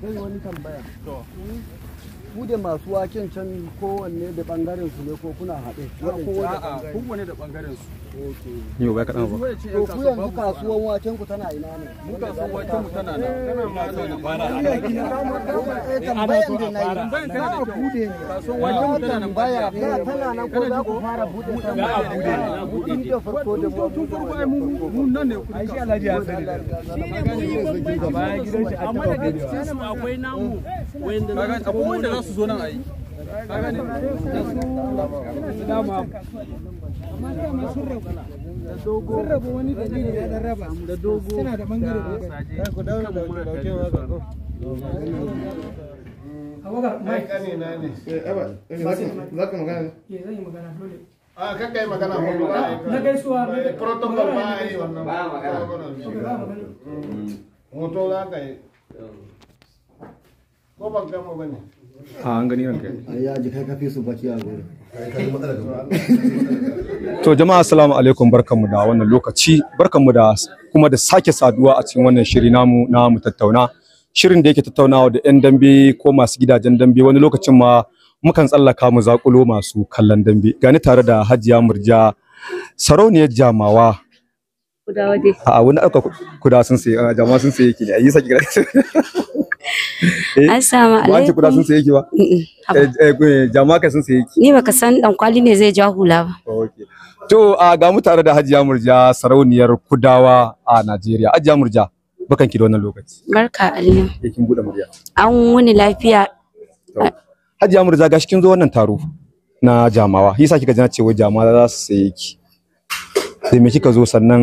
kai wani tambaya hmm? ku da masu waken can kowanne da bangaren su ne ko kuna haɗe kowanne da bangaren su yau bai kaɗan ba to ku yanzu kasuwan waken ku tana ina ne mu kasuwan waken mu tana nan kana ma da bara ana gina tambayan da nayi za a bude ne kasuwan waken mu tana nan baya ba tana nan ko za ku fara bude ta ba a bude ne da farko da mu tun farko ai mu mu nan ne ku ai shi Alhaji ya sani shi ne mu yi bambanci amma daga cikin su akwai namu eh, wanda za su zo nan a yi dalili da da da eh, eh, eh, yi ah, ah, a ko ban gama ba ne an su a to jama'a assalamu alaikum barkanmu da wannan lokaci barkanmu da kuma da sake saduwa a cikin wannan shiri namu na mu tattauna shirin da yake tattaunawa da yan dambe ko masu gidajen dambe wani lokacin ma mukan tsallaka mu zakulo masu kallon dambe gani tare da hajiya murja sarauniyar jamawa kudawa dai a wani aka kuda sun sai jamawa sun sai yake ne ayi saki Eh, Assalamu alaikum. Wace kuda sun saye ki ba? Eh, eh, jama'a ka sun saye ki. Ni baka san dan kwali ne zai ja hula ba. To a ah, ga mu tare da Hajiya Murja sarauniyar Kudawa a Najeriya. Hajiya Murja bakan ki da wannan lokaci. Barka Aliyu. kin bude murya. An wuni lafiya. Hajiya Murja gashi kin zo wannan taro na jamawa. Yasa kika ji na cewa jama'a za su saye ki. Sai me kika zo sannan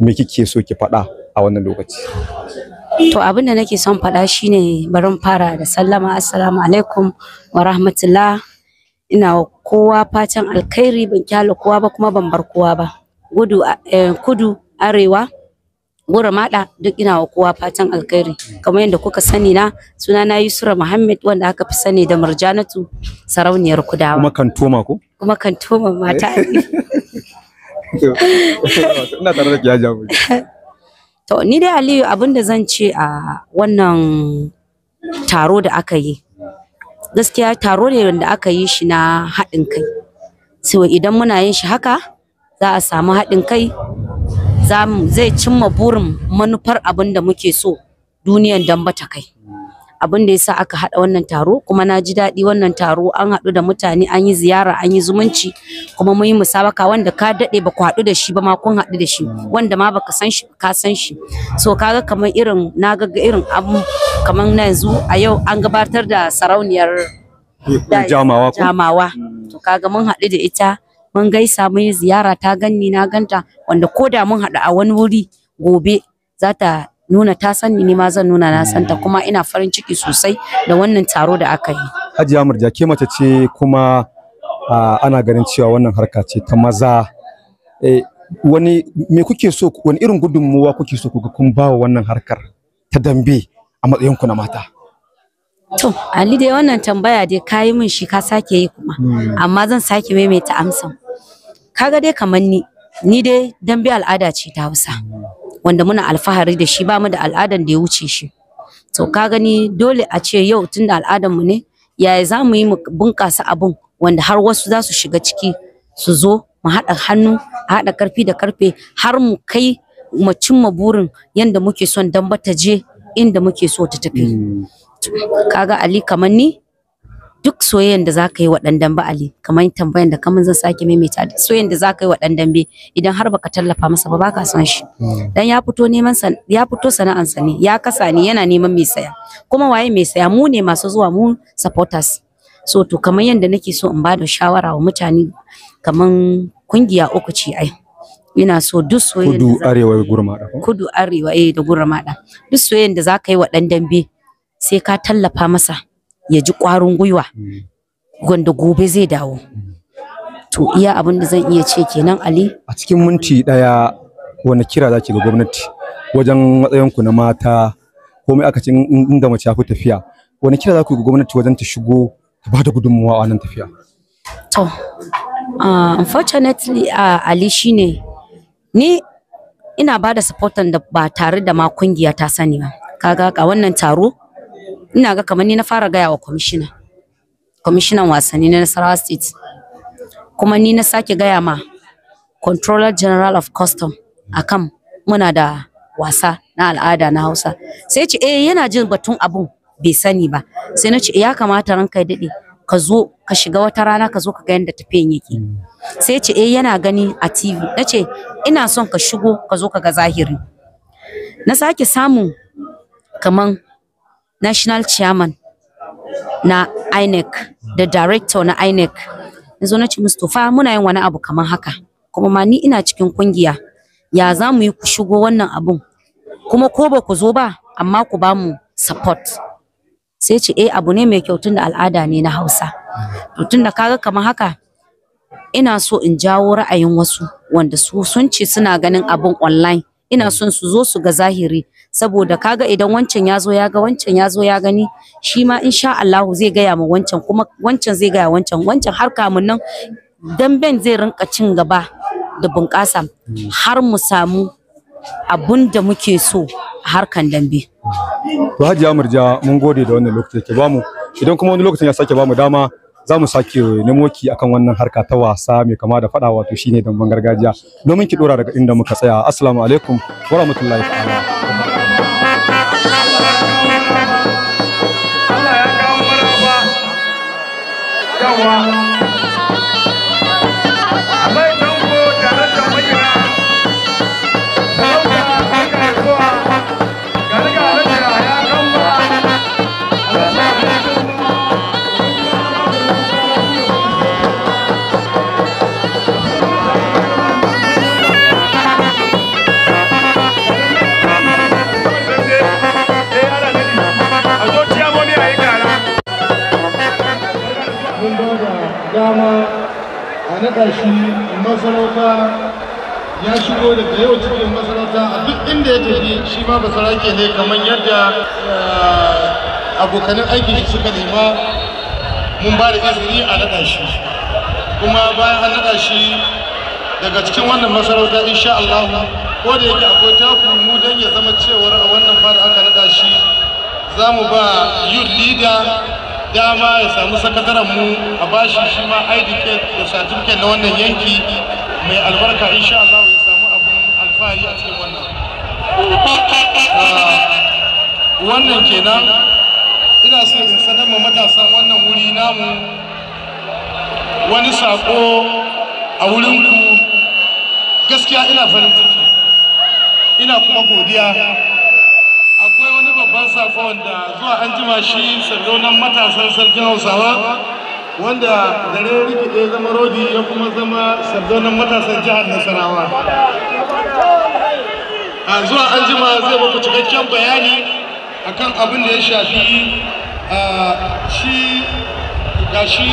me kike so ki faɗa a wannan lokaci? To abin da nake son faɗa shine barin fara da sallama assalamu alaikum wa rahmatullah ina wa kowa fatan alkhairi ban kyale kowa ba kuma ban bar kowa ba gudu eh, kudu arewa gura mada duk ina wa kowa fatan alkhairi kamar yadda kuka sani na suna na Yusra Muhammad wanda aka fi sani da Murjanatu sarauniyar kudawa kuma kantoma ko kuma kantoma mata ina tare da ki To ni dai Aliyu abin da zan ce a wannan taro da aka yi gaskiya taro ne wanda aka yi shi na haɗin kai. So idan muna yin shi haka za a samu haɗin kai zai cimma burin manufar abin da muke so duniyar don ta kai. abin da yasa aka haɗa wannan taro kuma na ji daɗi wannan taro an haɗu da mutane an yi ziyara an yi zumunci kuma mun yi musabaka wanda ka daɗe ba ku haɗu da shi ba ma kun haɗu da shi wanda ma baka san shi ka san shi so kaga kamar irin na ga irin abu kamar na yanzu a yau an gabatar da sarauniyar jamawa jamawa to kaga mun haɗu da ita mun gaisa mun yi ziyara ta ganni na ganta wanda ko da mun haɗu a wani wuri gobe za ta nuna ta sani ni ma zan nuna na santa kuma ina farin ciki sosai da wannan taro da aka yi hajiya murja ke mace ce kuma ana ganin cewa wannan harka ce ta maza eh, wani me kuke so wani irin gudunmuwa kuke so kuga kun ba wannan harkar ta dambe a matsayin ku na mata to ali dai wannan tambaya dai yi min shi ka sake yi kuma hmm. amma zan sake maimaita amsa. kaga dai kamar ni ni dai dambe al'ada ce ta Hausa hmm. wanda muna alfahari da shi ba mu da al'adan da ya wuce shi to ka gani dole a ce yau tunda al'adan mu ne yaya za mu yi bunƙasa abun wanda har wasu za su shiga ciki su zo mu haɗa hannu a haɗa karfi da karfe har mu kai mu cimma burin yanda muke son dan bata je inda muke so ta tafi mm. kaga ali kamar ni duk soyayyen da zaka yi wa dan dambe Ali kamar tambayan da kamun zan sake maimaita duk soyayyen da zaka yi wa dan dambe idan har baka tallafa masa ba baka son shi hmm. dan ya fito neman ya fito sana'an sa ne ya kasa ne yana neman mai saya kuma waye mai saya mu ne masu zuwa mu supporters so to kamar yanda nake so in bada shawara wa mutane kamar kungiya uku ce ai ina so duk soyayyen kudu arewa da kudu arewa eh da da duk soyayyen da zaka yi wa dan dambe sai ka tallafa masa ya ji ƙwarin gwiwa mm. wanda gobe zai dawo to iya abin da zan iya ce kenan ali a cikin minti daya wani kira zaki ga gwamnati wajen matsayinku na mata komai aka ce inda mace ya tafiya wani kira za ku ga gwamnati wajen ta shigo ta ba da gudunmuwa a wannan tafiya to ah, unfortunately ah, ali shine ni ina ba da supportan da ba tare da ma kungiya ta sani ba kaga ga wannan taro ina ga kamar ni na fara gaya wa kwamishina kwamishinan wasanni na Nasarawa State kuma ni na sake gaya ma Controller General of Custom akan muna da wasa na al'ada na Hausa sai ce eh yana jin batun abun bai sani ba sai na ce ya kamata ranka ya dade ka zo ka shiga wata rana ka zo ka ga yadda tafiyan yake sai ce eh yana gani a TV na ce ina son ka shigo ka zo ka ga zahiri na sake samu kaman national chairman na INEC da director na INEC Yanzu na ce musu fa muna yin wani abu kamar haka kuma ma ni ina cikin kungiya ya za mu yi ku shigo wannan abun kuma ko ba ku zo ba amma ku ba mu support sai ce eh abu ne mai kyau tunda al'ada ne na Hausa to tunda kaga kamar haka ina so in jawo ra'ayin wasu wanda su sun ce suna ganin abun online ina mm. son su zo su ga zahiri saboda kaga idan wancan ya zo ya ga wancan ya zo ya gani shi ma insha Allah zai gaya ma wancan kuma wancan zai gaya wancan wancan har kamun nan damben zai rinka cin gaba da bunƙasa mm. har mu samu abun da muke so a harkan dambe. Mm. To Hajiya Murja mun gode da wannan lokacin da ke bamu idan kuma wani lokacin ya sake bamu dama za mu sake nemo ki akan wannan harka ta wasa mai kama da fada wato shine damban gargajiya domin ki dora daga inda muka tsaya assalamu alaikum wa rahmatullahi ta'ala haɗa masarauta ya shigo daga yau cikin masarauta a duk inda ya tafi shi ma sarake ne kamar yadda eh, abokanin aiki shi suka nema mun ba da izini a naɗa shi kuma bayan an naɗa shi daga cikin wannan masarauta insha Allah ko da yake akwai taku mu dan ya zama cewar a wannan fara aka naɗa shi za mu ba youth leader dama ya samu sakataren mu a bashi shi ma IDK da certificate na wannan yanki mai albarka insha Allah ya samu abun alfahari a cikin wannan ah, wannan kenan ina so in sanar ma matasan wannan wuri namu wani sako a wurinku gaskiya ina farin ciki ina kuma godiya babban sako wanda zuwa an jima shi sardonan matasan sarkin hausawa wanda dare rikide ya zama rodi ya kuma zama sardonan matasan jihar nasarawa a zuwa an jima zai baku cikakken bayani akan abin da ya shafi shi ga shi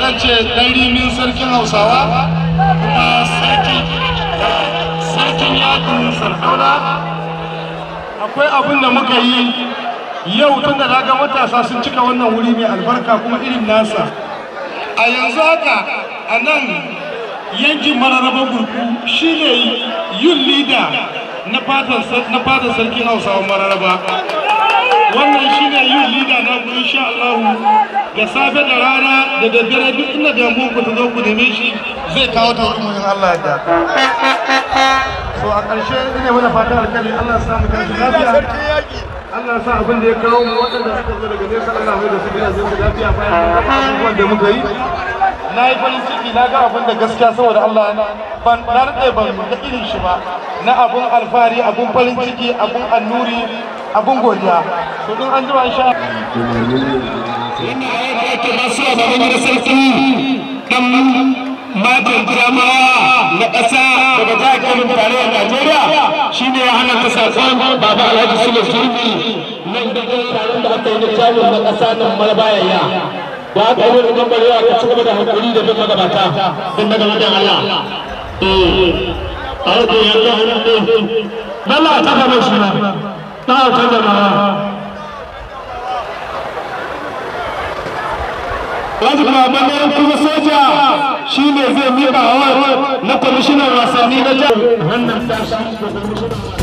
zan ce ɗarimin sarkin hausawa kuma sarkin yakin sardauna akwai abin da muka yi yau tun da daga matasa sun cika wannan wuri mai albarka kuma irin nasa a yanzu haka a nan yankin mararraba gurku shi ne yin lida na fatan sarkin hausawan mararaba wannan shi ne yin lida na gudun sha Allahu da safe da rana da daddare duk inda damuwa ku ta zo ku neme shi zai kawo ta hukumin Allah da so a ƙarshe ina mana fatan alkali Allah ya samu kanci lafiya Allah ya sa abin da ya kawo mu waɗanda suka zo daga nesa Allah mai da su gina zai lafiya bayan abubuwan da muka yi na yi farin ciki na ga abin da gaskiya saboda Allah ban na rade ban ga irin shi ba na abun alfahari abun farin ciki abun annuri abun godiya to din an jima insha Allah matan jama'a na ƙasa daga jihar Kano tarayyar Najeriya shine ya hana ta sakon baba Alhaji Sule Surmi nan da taron da aka yi na jamus na ƙasa nan marbayaya da aka yi da gambarewa ka ci gaba da hakuri da bin magabata don daga wajen Allah. Eh, a yadda yanzu hannun ne lalla ta gaba shi na ta mara. gaba Wani kuma bane kuma soja shi ne zai miƙa wa na kwamishinan wasanni na jihar wannan